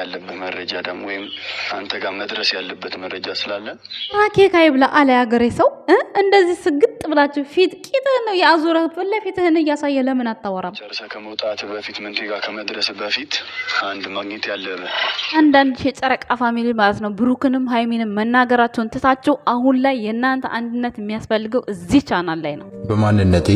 ያለብህ መረጃ ደግሞ ወይም አንተ ጋር መድረስ ያለበት መረጃ ስላለ ራኬ ብላ አለ ያገሬ ሰው። እንደዚህ ስግጥ ብላችሁ ፊት ቂጥህን ነው የአዙረ ፍለፊትህን እያሳየ ለምን አታወራም? ጨርሰ ከመውጣት በፊት ምንቴ ጋር ከመድረስ በፊት አንድ ማግኘት ያለብህ አንዳንድ የጨረቃ ፋሚሊ ማለት ነው ብሩክንም ሀይሚንም መናገራቸውን ትታችሁ አሁን ላይ የእናንተ አንድነት የሚያስፈልገው እዚህ ቻናል ላይ ነው። በማንነቴ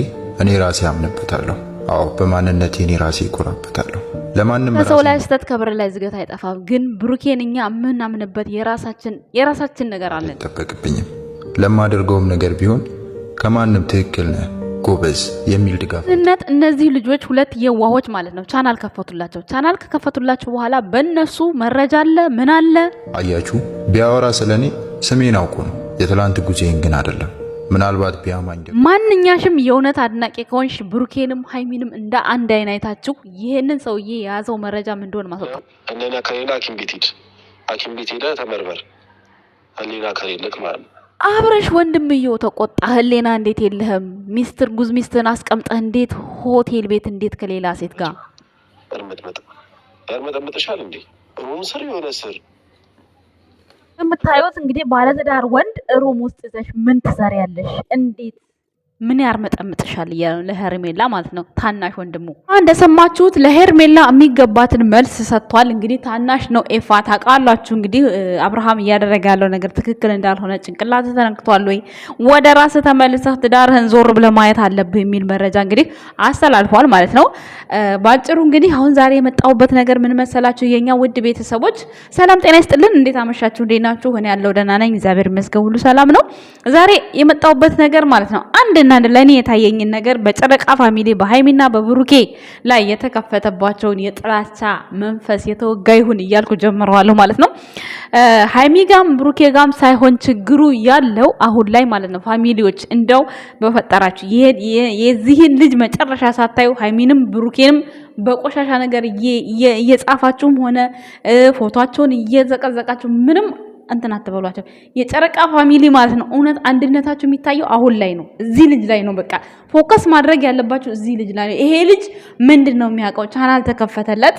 እኔ ራሴ አምንበታለሁ። አዎ በማንነቴ እኔ ራሴ ይኮራበታለሁ። ለማንም ሰው ላይ ስህተት ከብር ላይ ዝገት አይጠፋም። ግን ብሩኬን እኛ የምናምንበት የራሳችን የራሳችን ነገር አለን። አይጠበቅብኝም ለማደርገውም ነገር ቢሆን ከማንም ትክክል ነህ ጎበዝ የሚል ድጋፍ ነት እነዚህ ልጆች ሁለት የዋሆች ማለት ነው። ቻናል ከፈቱላቸው። ቻናል ከከፈቱላቸው በኋላ በእነሱ መረጃ አለ ምን አለ አያችሁ። ቢያወራ ስለኔ ስሜን አውቁ ነው። የትላንት ጉዜን ግን አይደለም ምናልባት ቢያማኝ ማንኛሽም የእውነት አድናቂ ከሆንሽ ብሩኬንም ሀይሚንም እንደ አንድ አይን አይታችሁ ይህንን ሰውዬ የያዘው መረጃ ምን እንደሆነ ማስወጣት። ህሊና ከሌለ ሐኪም ቤት ሂድ፣ ሐኪም ቤት ሄደ ተመርመር። ህሊና ከሌለህ ማለት ነው። አብረሽ ወንድምየው ተቆጣ። ህሊና እንዴት የለህም? ሚስትር ጉዝ ሚስትን አስቀምጠህ እንዴት ሆቴል ቤት እንዴት ከሌላ ሴት ጋር ያርመጥመጥ ያርመጠምጥሻል እንዴ? ሩም ስር የሆነ ስር የምታዩት እንግዲህ ባለትዳር ወንድ ሩም ውስጥ ይዘሽ ምን ትሰሪያለሽ? እንዴት ምን ያርመጠምጥሻል እያለ ለሄርሜላ ማለት ነው ታናሽ ወንድሙ። እንደሰማችሁት ለሄርሜላ የሚገባትን መልስ ሰጥቷል። እንግዲህ ታናሽ ነው ኤፋ ታውቃላችሁ። እንግዲህ አብርሃም እያደረገ ያለው ነገር ትክክል እንዳልሆነ ጭንቅላት ተነክቷል ወይ ወደ ራስ ተመልሰህ ትዳርህን ዞር ብለህ ማየት አለብህ የሚል መረጃ እንግዲህ አስተላልፏል ማለት ነው። በአጭሩ እንግዲህ አሁን ዛሬ የመጣሁበት ነገር ምን መሰላችሁ? የኛ ውድ ቤተሰቦች ሰላም ጤና ይስጥልን። እንዴት አመሻችሁ? እንዴት ናችሁ? እኔ ያለው ደህና ነኝ፣ እግዚአብሔር ይመስገን፣ ሁሉ ሰላም ነው። ዛሬ የመጣሁበት ነገር ማለት ነው አንድ እና ለእኔ የታየኝን ነገር በጨረቃ ፋሚሊ በሀይሚና በብሩኬ ላይ የተከፈተባቸውን የጥላቻ መንፈስ የተወጋ ይሁን እያልኩ ጀምረዋለሁ ማለት ነው። ሀይሚ ጋም ብሩኬ ጋም ሳይሆን ችግሩ ያለው አሁን ላይ ማለት ነው። ፋሚሊዎች እንደው በፈጠራችሁ የዚህን ልጅ መጨረሻ ሳታዩ ሀይሚንም ብሩኬንም በቆሻሻ ነገር እየጻፋችሁም ሆነ ፎቶቸውን እየዘቀዘቃችሁ ምንም እንትን አትበሏቸው። የጨረቃ ፋሚሊ ማለት ነው እውነት አንድነታቸው የሚታየው አሁን ላይ ነው፣ እዚህ ልጅ ላይ ነው። በቃ ፎከስ ማድረግ ያለባቸው እዚህ ልጅ ላይ ነው። ይሄ ልጅ ምንድን ነው የሚያውቀው? ቻናል ተከፈተለት።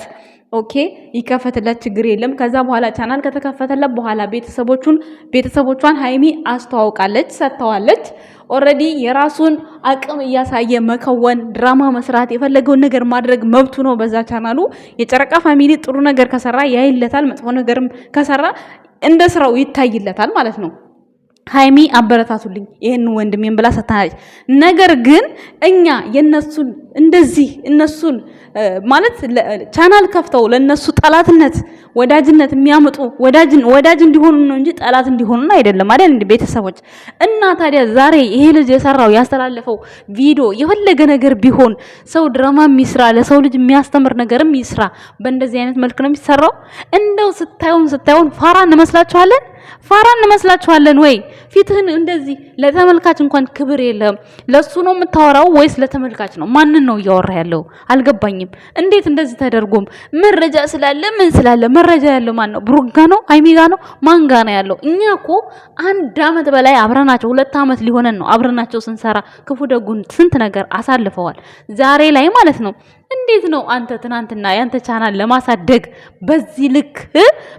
ኦኬ ይከፈትለት፣ ችግር የለም። ከዛ በኋላ ቻናል ከተከፈተለት በኋላ ቤተሰቦቹን ቤተሰቦቿን ሀይሚ አስተዋውቃለች፣ ሰጥተዋለች። ኦረዲ የራሱን አቅም እያሳየ መከወን፣ ድራማ መስራት፣ የፈለገውን ነገር ማድረግ መብቱ ነው። በዛ ቻናሉ የጨረቃ ፋሚሊ ጥሩ ነገር ከሰራ ያይለታል፣ መጥፎ ነገርም ከሰራ እንደ ስራው ይታይለታል ማለት ነው። ሀይሚ አበረታቱልኝ ይህን ወንድሜን ብላ ሰታናለች። ነገር ግን እኛ የነሱን እንደዚህ እነሱን ማለት ቻናል ከፍተው ለነሱ ጠላትነት ወዳጅነት የሚያመጡ ወዳጅ እንዲሆኑ ነው እንጂ ጠላት እንዲሆኑን አይደለም አይደል? ቤተሰቦች እና ታዲያ ዛሬ ይሄ ልጅ የሰራው ያስተላለፈው ቪዲዮ የፈለገ ነገር ቢሆን ሰው ድራማ የሚስራ ለሰው ልጅ የሚያስተምር ነገርም ይስራ። በእንደዚህ አይነት መልክ ነው የሚሰራው። እንደው ስታዩን ስታዩን ፋራ እንመስላችኋለን። ፋራ እንመስላችኋለን ወይ? ፊትህን እንደዚህ ለተመልካች እንኳን ክብር የለም። ለሱ ነው የምታወራው ወይስ ለተመልካች ነው? ማንን ነው እያወራ ያለው? አልገባኝም። እንዴት እንደዚህ ተደርጎም መረጃ ስላለ ምን ስላለ መረጃ ያለው ማን ነው? ብሩጋ ነው? አይሚጋ ነው? ማንጋ ነው ያለው? እኛ እኮ አንድ አመት በላይ አብረናቸው፣ ሁለት አመት ሊሆነን ነው አብረናቸው ስንሰራ፣ ክፉ ደጉን ስንት ነገር አሳልፈዋል። ዛሬ ላይ ማለት ነው እንዴት ነው አንተ ትናንትና ያንተ ቻናል ለማሳደግ በዚህ ልክ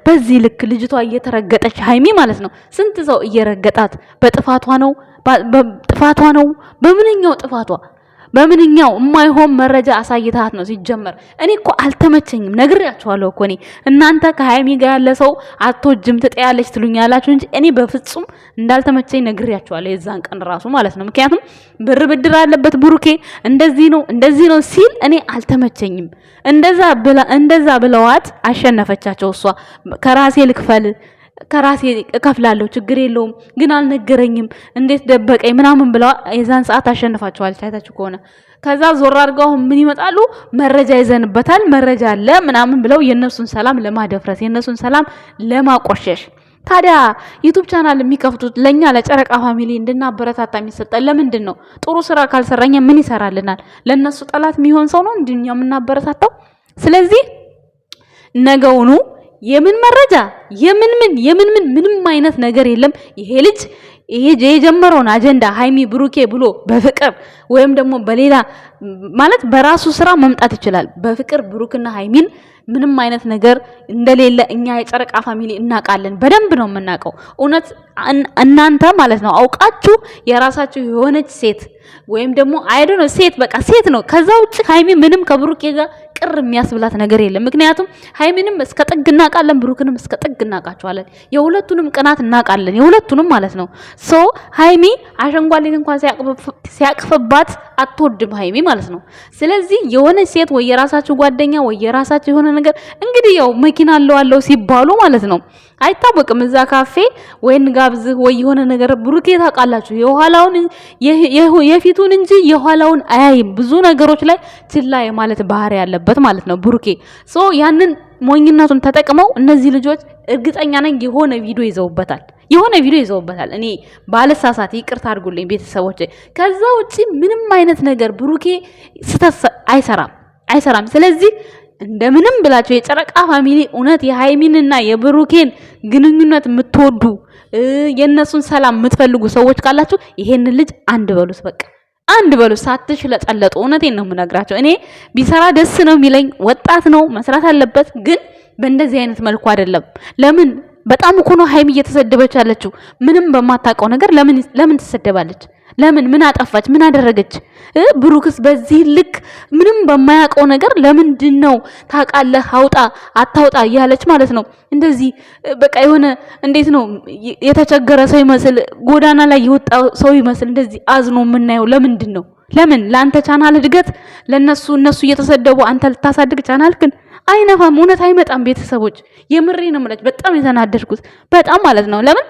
በዚህ ልክ ልጅቷ እየተረገጠች ሀይሚ ማለት ነው። ስንት ሰው እየረገጣት በጥፋቷ ነው፣ ጥፋቷ ነው። በምንኛው ጥፋቷ በምንኛው የማይሆን መረጃ አሳይታት ነው። ሲጀመር እኔ እኮ አልተመቸኝም፣ ነግሬያችኋለሁ እኮ እኔ እናንተ ከሀይሚ ጋር ያለ ሰው አቶ ጅም ትጠያለች ትሉኛላችሁ እንጂ እኔ በፍጹም እንዳልተመቸኝ ነግሬያችኋለሁ። የዛን ቀን ራሱ ማለት ነው። ምክንያቱም ብር ብድር አለበት ብሩኬ፣ እንደዚህ ነው እንደዚህ ነው ሲል እኔ አልተመቸኝም። እንደዛ ብለዋት አሸነፈቻቸው እሷ ከራሴ ልክፈል ከራሴ እከፍላለሁ ችግር የለውም ግን አልነገረኝም፣ እንዴት ደበቀኝ ምናምን ብለው የዛን ሰዓት አሸንፋቸዋል። ታይታችሁ ከሆነ ከዛ ዞር አድርገው ምን ይመጣሉ? መረጃ ይዘንበታል፣ መረጃ አለ ምናምን ብለው የእነሱን ሰላም ለማደፍረስ የእነሱን ሰላም ለማቆሸሽ ታዲያ ዩቱብ ቻናል የሚከፍቱት ለእኛ ለጨረቃ ፋሚሊ እንድናበረታታ የሚሰጠን ለምንድን ነው? ጥሩ ስራ ካልሰራኛ ምን ይሰራልናል? ለእነሱ ጠላት የሚሆን ሰው ነው እንድኛ የምናበረታታው። ስለዚህ ነገውኑ የምን መረጃ የምን ምን የምን ምን ምንም አይነት ነገር የለም። ይሄ ልጅ ይሄ የጀመረውን አጀንዳ ሃይሚ ብሩኬ ብሎ በፍቅር ወይም ደግሞ በሌላ ማለት በራሱ ስራ መምጣት ይችላል። በፍቅር ብሩክና ሃይሚን ምንም አይነት ነገር እንደሌለ እኛ የጨረቃ ፋሚሊ እናውቃለን። በደንብ ነው የምናውቀው። እውነት እናንተ ማለት ነው አውቃችሁ የራሳችሁ የሆነች ሴት ወይም ደግሞ አይዶ ነው ሴት በቃ ሴት ነው። ከዛ ውጭ ሀይሚ ምንም ከብሩኬ ጋር ቅር የሚያስብላት ነገር የለም። ምክንያቱም ሀይሚንም እስከ ጥግ እናውቃለን፣ ብሩክንም እስከ ጥግ እናውቃቸዋለን። የሁለቱንም ቅናት እናውቃለን፣ የሁለቱንም ማለት ነው። ሶ ሀይሚ አሸንጓሌን እንኳን ሲያቅፍባት አትወድም ሀይሚ ማለት ነው። ስለዚህ የሆነች ሴት ወይ የራሳችሁ ጓደኛ ወይ የራሳችሁ የሆነ ነገር እንግዲህ ያው መኪና አለው አለው ሲባሉ ማለት ነው አይታወቅም። እዛ ካፌ ወይን ጋብዝህ ወይ የሆነ ነገር ብሩኬ ታውቃላችሁ፣ የኋላውን የፊቱን እንጂ የኋላውን አያይም። ብዙ ነገሮች ላይ ችላ ማለት ባህሪ ያለበት ማለት ነው ብሩኬ ሶ ያንን ሞኝነቱን ተጠቅመው እነዚህ ልጆች እርግጠኛ ነኝ የሆነ ቪዲዮ ይዘውበታል፣ የሆነ ቪዲዮ ይዘውበታል። እኔ ባለሳሳት ይቅርታ አድርጉልኝ ቤተሰቦች። ከዛ ውጪ ምንም አይነት ነገር ብሩኬ ስተት አይሰራም አይሰራም። ስለዚህ እንደምንም ብላችሁ የጨረቃ ፋሚሊ እውነት የሃይሚንና የብሩኬን ግንኙነት የምትወዱ የእነሱን ሰላም የምትፈልጉ ሰዎች ካላችሁ ይሄንን ልጅ አንድ በሉት፣ በቃ አንድ በሉት። ሳትሽ ለጠለጡ እውነቴን ነው የምነግራቸው። እኔ ቢሰራ ደስ ነው የሚለኝ። ወጣት ነው መስራት አለበት፣ ግን በእንደዚህ አይነት መልኩ አይደለም። ለምን በጣም እኮ ነው ሃይሚ እየተሰደበች ያለችው። ምንም በማታውቀው ነገር ለምን ለምን ትሰደባለች? ለምን? ምን አጠፋች? ምን አደረገች? ብሩክስ በዚህ ልክ ምንም በማያውቀው ነገር ለምንድን ነው ታውቃለህ፣ አውጣ አታውጣ እያለች ማለት ነው። እንደዚህ በቃ የሆነ እንዴት ነው የተቸገረ ሰው ይመስል ጎዳና ላይ የወጣ ሰው ይመስል እንደዚህ አዝኖ የምናየው ለምንድን ነው? ለምን ለአንተ ቻናል እድገት ለነሱ እነሱ እየተሰደቡ አንተ ልታሳድግ ቻናል ግን አይነፋም። እውነት አይመጣም። ቤተሰቦች የምሬ ነው የምላችሁ። በጣም የተናደድኩት በጣም ማለት ነው ለምን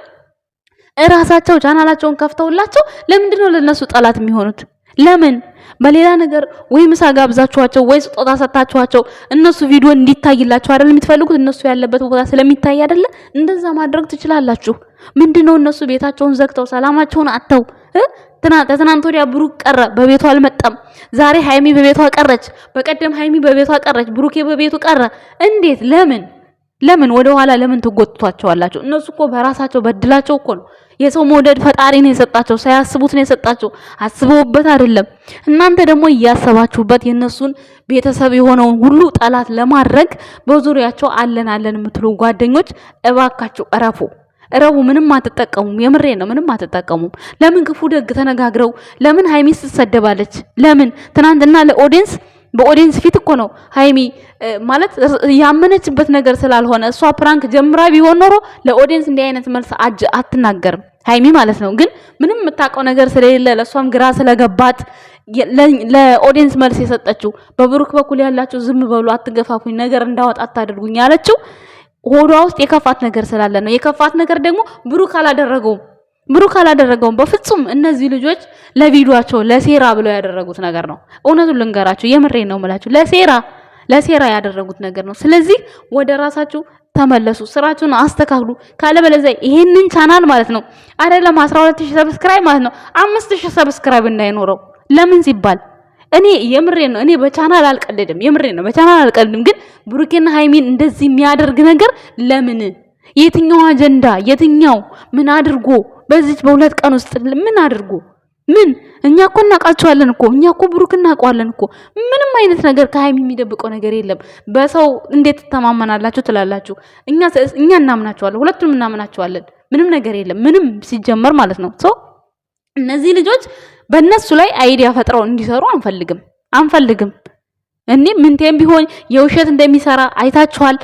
እራሳቸው ቻናላቸውን ከፍተውላቸው ለምንድን ነው ለነሱ ጠላት የሚሆኑት? ለምን በሌላ ነገር ወይ ምሳ ጋብዛችኋቸው ወይ ስጦታ ሰጥታችኋቸው እነሱ ቪዲዮ እንዲታይላቸው አይደል የምትፈልጉት? እነሱ ያለበት ቦታ ስለሚታይ አይደለ? እንደዛ ማድረግ ትችላላችሁ። ምንድነው እነሱ ቤታቸውን ዘግተው ሰላማቸውን አጥተው ትናንት ወዲያ ብሩክ ቀረ፣ በቤቱ አልመጣም። ዛሬ ሃይሚ በቤቷ ቀረች፣ በቀደም ሃይሚ በቤቷ ቀረች፣ ብሩኬ በቤቱ ቀረ። እንዴት? ለምን ለምን ወደ ኋላ ለምን ትጎትቷቸዋላችሁ? እነሱ እኮ በራሳቸው በድላቸው እኮ ነው የሰው መውደድ ፈጣሪ ነው የሰጣቸው፣ ሳያስቡት ነው የሰጣቸው፣ አስበውበት አይደለም። እናንተ ደግሞ እያሰባችሁበት የነሱን ቤተሰብ የሆነውን ሁሉ ጠላት ለማድረግ በዙሪያቸው አለን አለን የምትሉ ጓደኞች እባካችሁ እረፉ። እረቡ ምንም አትጠቀሙም። የምሬ ነው፣ ምንም አትጠቀሙም። ለምን ክፉ ደግ ተነጋግረው ለምን ሀይሚስ ትሰደባለች? ለምን ትናንትና ለኦዲንስ በኦዲየንስ ፊት እኮ ነው ሀይሚ ማለት ያመነችበት ነገር ስላልሆነ እሷ ፕራንክ ጀምራ ቢሆን ኖሮ ለኦዲንስ እንዲህ አይነት መልስ አትናገርም ሀይሚ ማለት ነው። ግን ምንም የምታውቀው ነገር ስለሌለ ለእሷም ግራ ስለገባት ለኦዲንስ መልስ የሰጠችው በብሩክ በኩል ያላችሁ ዝም በሉ፣ አትገፋፉኝ፣ ነገር እንዳወጣ አታደርጉኝ ያለችው ሆዷ ውስጥ የከፋት ነገር ስላለ ነው። የከፋት ነገር ደግሞ ብሩክ አላደረገውም። ብሩክ አላደረገውም በፍጹም። እነዚህ ልጆች ለቪዲዮቸው ለሴራ ብለው ያደረጉት ነገር ነው። እውነቱን ልንገራችሁ፣ የምሬ ነው የምላችሁ፣ ለሴራ ለሴራ ያደረጉት ነገር ነው። ስለዚህ ወደ ራሳችሁ ተመለሱ፣ ስራችሁን አስተካክሉ። ካለበለዚያ ይሄንን ቻናል ማለት ነው አይደለም 12000 ሰብስክራይብ ማለት ነው 5000 ሰብስክራይብ እንዳይኖረው ለምን ሲባል እኔ የምሬ ነው። እኔ በቻናል አልቀልድም፣ የምሬ ነው። በቻናል አልቀልድም። ግን ብሩኬና ሃይሚን እንደዚህ የሚያደርግ ነገር ለምን? የትኛው አጀንዳ፣ የትኛው ምን አድርጎ በዚች በሁለት ቀን ውስጥ ምን አድርጉ? ምን እኛ እኮ እናውቃቸዋለን እኮ እኛ እኮ ብሩክ እናውቀዋለን እኮ። ምንም አይነት ነገር ከሀይሚ የሚደብቀው ነገር የለም። በሰው እንዴት ትተማመናላችሁ ትላላችሁ። እኛ እኛ እናምናቸዋለን፣ ሁለቱንም እናምናቸዋለን። ምንም ነገር የለም። ምንም ሲጀመር ማለት ነው ሰው እነዚህ ልጆች በእነሱ ላይ አይዲያ ፈጥረው እንዲሰሩ አንፈልግም አንፈልግም። እኔ ምንቴም ቢሆን የውሸት እንደሚሰራ አይታችኋል።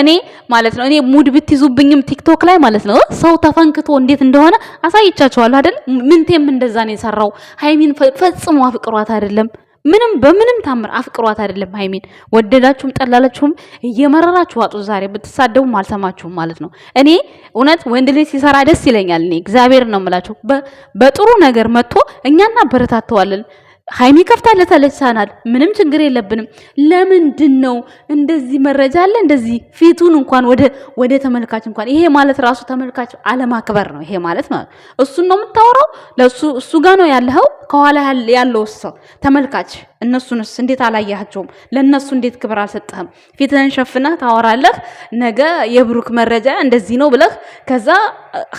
እኔ ማለት ነው እኔ ሙድ ብትይዙብኝም ቲክቶክ ላይ ማለት ነው ሰው ተፈንክቶ እንዴት እንደሆነ አሳይቻችኋለሁ አይደል? ምንቴም እንደዛ ነው የሰራው። ሀይሚን ፈጽሞ አፍቅሯት አይደለም፣ ምንም በምንም ታምር አፍቅሯት አይደለም። ሀይሚን ወደዳችሁም ጠላላችሁም እየመረራችሁ አጡ። ዛሬ ብትሳደቡም አልሰማችሁም ማለት ነው። እኔ እውነት ወንድ ልጅ ሲሰራ ደስ ይለኛል። እኔ እግዚአብሔር ነው የምላችሁ። በጥሩ ነገር መጥቶ እኛ እናበረታተዋለን። ሀይሚ ከፍታለታለች ቻናል። ምንም ችግር የለብንም። ለምንድን ነው እንደዚህ መረጃ አለ እንደዚህ ፊቱን እንኳን ወደ ወደ ተመልካች እንኳን ይሄ ማለት ራሱ ተመልካች አለማክበር ነው። ይሄ ማለት ማለት እሱን ነው የምታወራው። ለሱ እሱ ጋ ነው ያለው። ከኋላ ያለው ሰው ተመልካች እነሱንስ እንዴት አላያቸውም? ለእነሱ እንዴት ክብር አልሰጠህም? ፊትህን ሸፍነህ ታወራለህ። ነገ የብሩክ መረጃ እንደዚህ ነው ብለህ ከዛ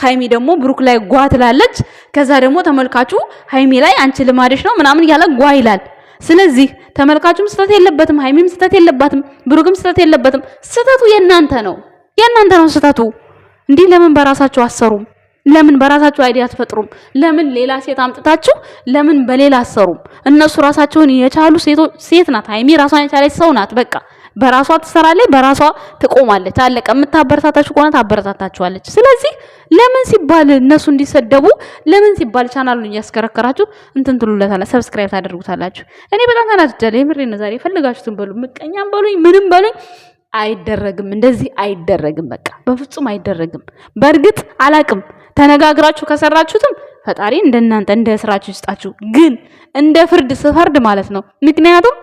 ሀይሚ ደግሞ ብሩክ ላይ ጓ ትላለች። ከዛ ደግሞ ተመልካቹ ሀይሚ ላይ አንቺ ልማድሽ ነው ምናምን እያለ ጓ ይላል። ስለዚህ ተመልካቹም ስህተት የለበትም፣ ሀይሚም ስህተት የለባትም፣ ብሩክም ስህተት የለበትም። ስህተቱ የእናንተ ነው፣ የእናንተ ነው ስህተቱ። እንዲህ ለምን በራሳቸው አሰሩም? ለምን በራሳችሁ አይዲያ አትፈጥሩም? ለምን ሌላ ሴት አምጥታችሁ ለምን በሌላ አሰሩም? እነሱ ራሳቸውን የቻሉ ሴት ናት ሀይሚ፣ ራሷን የቻለች ሰው ናት። በቃ በራሷ ትሰራለች፣ በራሷ ትቆማለች። አለቀ። የምታበረታታችሁ ከሆነ ታበረታታችኋለች። ስለዚህ ለምን ሲባል እነሱ እንዲሰደቡ ለምን ሲባል ቻናሉን እያስከረከራችሁ እንትን ትሉለታላ፣ ሰብስክራይብ ታደርጉታላችሁ። እኔ በጣም ተናድጃለሁ። ነው። ዛሬ የፈለጋችሁትን በሉኝ፣ ምቀኛም በሉኝ፣ ምንም በሉኝ አይደረግም። እንደዚህ አይደረግም። በቃ በፍጹም አይደረግም። በእርግጥ አላቅም ተነጋግራችሁ ከሰራችሁትም ፈጣሪ እንደናንተ እንደ ስራችሁ ይስጣችሁ። ግን እንደ ፍርድ ስፈርድ ማለት ነው። ምክንያቱም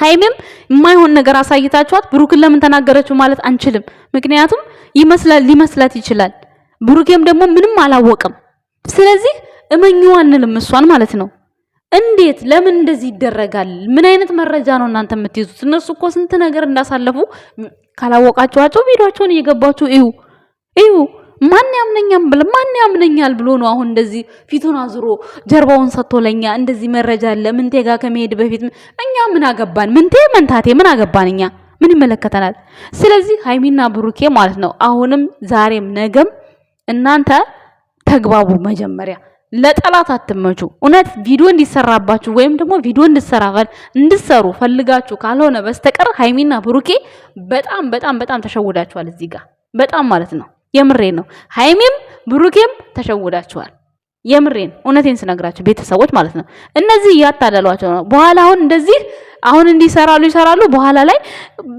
ሀይሜም የማይሆን ነገር አሳይታችኋት ብሩክን ለምን ተናገረችው ማለት አንችልም። ምክንያቱም ይመስላል ሊመስላት ይችላል። ብሩኬም ደግሞ ምንም አላወቀም። ስለዚህ እመኝዋ አንልም እሷን ማለት ነው። እንዴት ለምን እንደዚህ ይደረጋል? ምን አይነት መረጃ ነው እናንተ የምትይዙት? እነሱ እኮ ስንት ነገር እንዳሳለፉ ካላወቃችኋቸው ቪዲዮቸውን እየገባችሁ እዩ እዩ። ማን ያምነኛል ብለ ማን ያምነኛል ብሎ ነው አሁን እንደዚህ ፊቱን አዙሮ ጀርባውን ሰጥቶ ለኛ እንደዚህ መረጃ አለ ምንቴ ጋር ከመሄድ በፊት እኛ ምን አገባን? ምንቴ መንታቴ ምን አገባን? እኛ ምን ይመለከተናል? ስለዚህ ሃይሚና ብሩኬ ማለት ነው አሁንም ዛሬም ነገም እናንተ ተግባቡ። መጀመሪያ ለጠላት አትመቹ። እውነት ቪዲዮ እንዲሰራባችሁ ወይም ደግሞ ቪዲዮ እንድሰራፈል እንድሰሩ ፈልጋችሁ ካልሆነ በስተቀር ሃይሚና ብሩኬ በጣም በጣም በጣም ተሸውዳችኋል። እዚህ ጋር በጣም ማለት ነው የምሬ ነው። ሀይሜም ብሩኬም ተሸውዳችኋል። የምሬን እውነቴን ስነግራቸው ቤተሰቦች ማለት ነው። እነዚህ እያታለሏቸው ነው። በኋላ አሁን እንደዚህ አሁን እንዲሰራሉ ይሰራሉ። በኋላ ላይ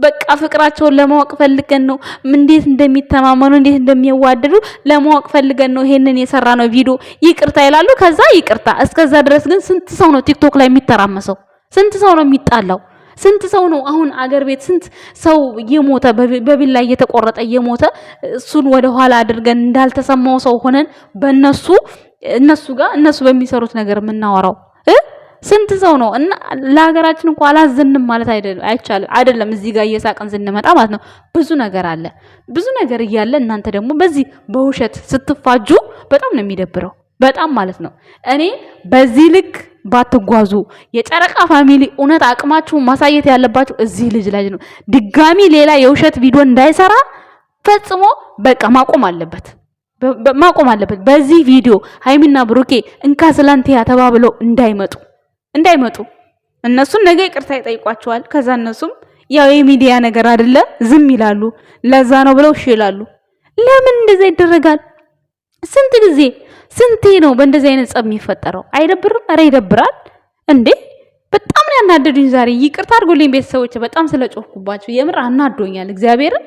በቃ ፍቅራቸውን ለማወቅ ፈልገን ነው፣ እንዴት እንደሚተማመኑ እንዴት እንደሚዋደዱ ለማወቅ ፈልገን ነው ይሄንን የሰራ ነው ቪዲዮ ይቅርታ ይላሉ። ከዛ ይቅርታ። እስከዛ ድረስ ግን ስንት ሰው ነው ቲክቶክ ላይ የሚተራመሰው? ስንት ሰው ነው የሚጣላው? ስንት ሰው ነው አሁን አገር ቤት ስንት ሰው እየሞተ በቢላ እየተቆረጠ እየሞተ እሱን ወደኋላ አድርገን እንዳልተሰማው ሰው ሆነን በነሱ እነሱ ጋር እነሱ በሚሰሩት ነገር የምናወራው ስንት ሰው ነው እና ለሀገራችን እንኳ አላዘንም ማለት አይቻልም። አይደለም እዚህ ጋር እየሳቀን ስንመጣ ማለት ነው። ብዙ ነገር አለ። ብዙ ነገር እያለ እናንተ ደግሞ በዚህ በውሸት ስትፋጁ በጣም ነው የሚደብረው። በጣም ማለት ነው እኔ በዚህ ልክ ባትጓዙ የጨረቃ ፋሚሊ እውነት አቅማችሁ ማሳየት ያለባችሁ እዚህ ልጅ ላይ ነው። ድጋሚ ሌላ የውሸት ቪዲዮ እንዳይሰራ ፈጽሞ በቃ ማቆም አለበት ማቆም አለበት። በዚህ ቪዲዮ ሀይሚና ብሩኬ እንካ ስላንቲያ ተባብለው እንዳይመጡ እንዳይመጡ እነሱን ነገ ይቅርታ ይጠይቋቸዋል። ከዛ እነሱም ያው የሚዲያ ነገር አይደለ ዝም ይላሉ። ለዛ ነው ብለው እሺ ይላሉ። ለምን እንደዛ ይደረጋል? ስንት ጊዜ ስንቴ ነው በእንደዚህ አይነት ጸብ የሚፈጠረው? አይደብርም? ኧረ ይደብራል እንዴ! በጣም ነው ያናደዱኝ ዛሬ። ይቅርታ አድርጎልኝ ቤተሰቦች፣ በጣም ስለጮህኩባቸው የምር አናዶኛል እግዚአብሔርን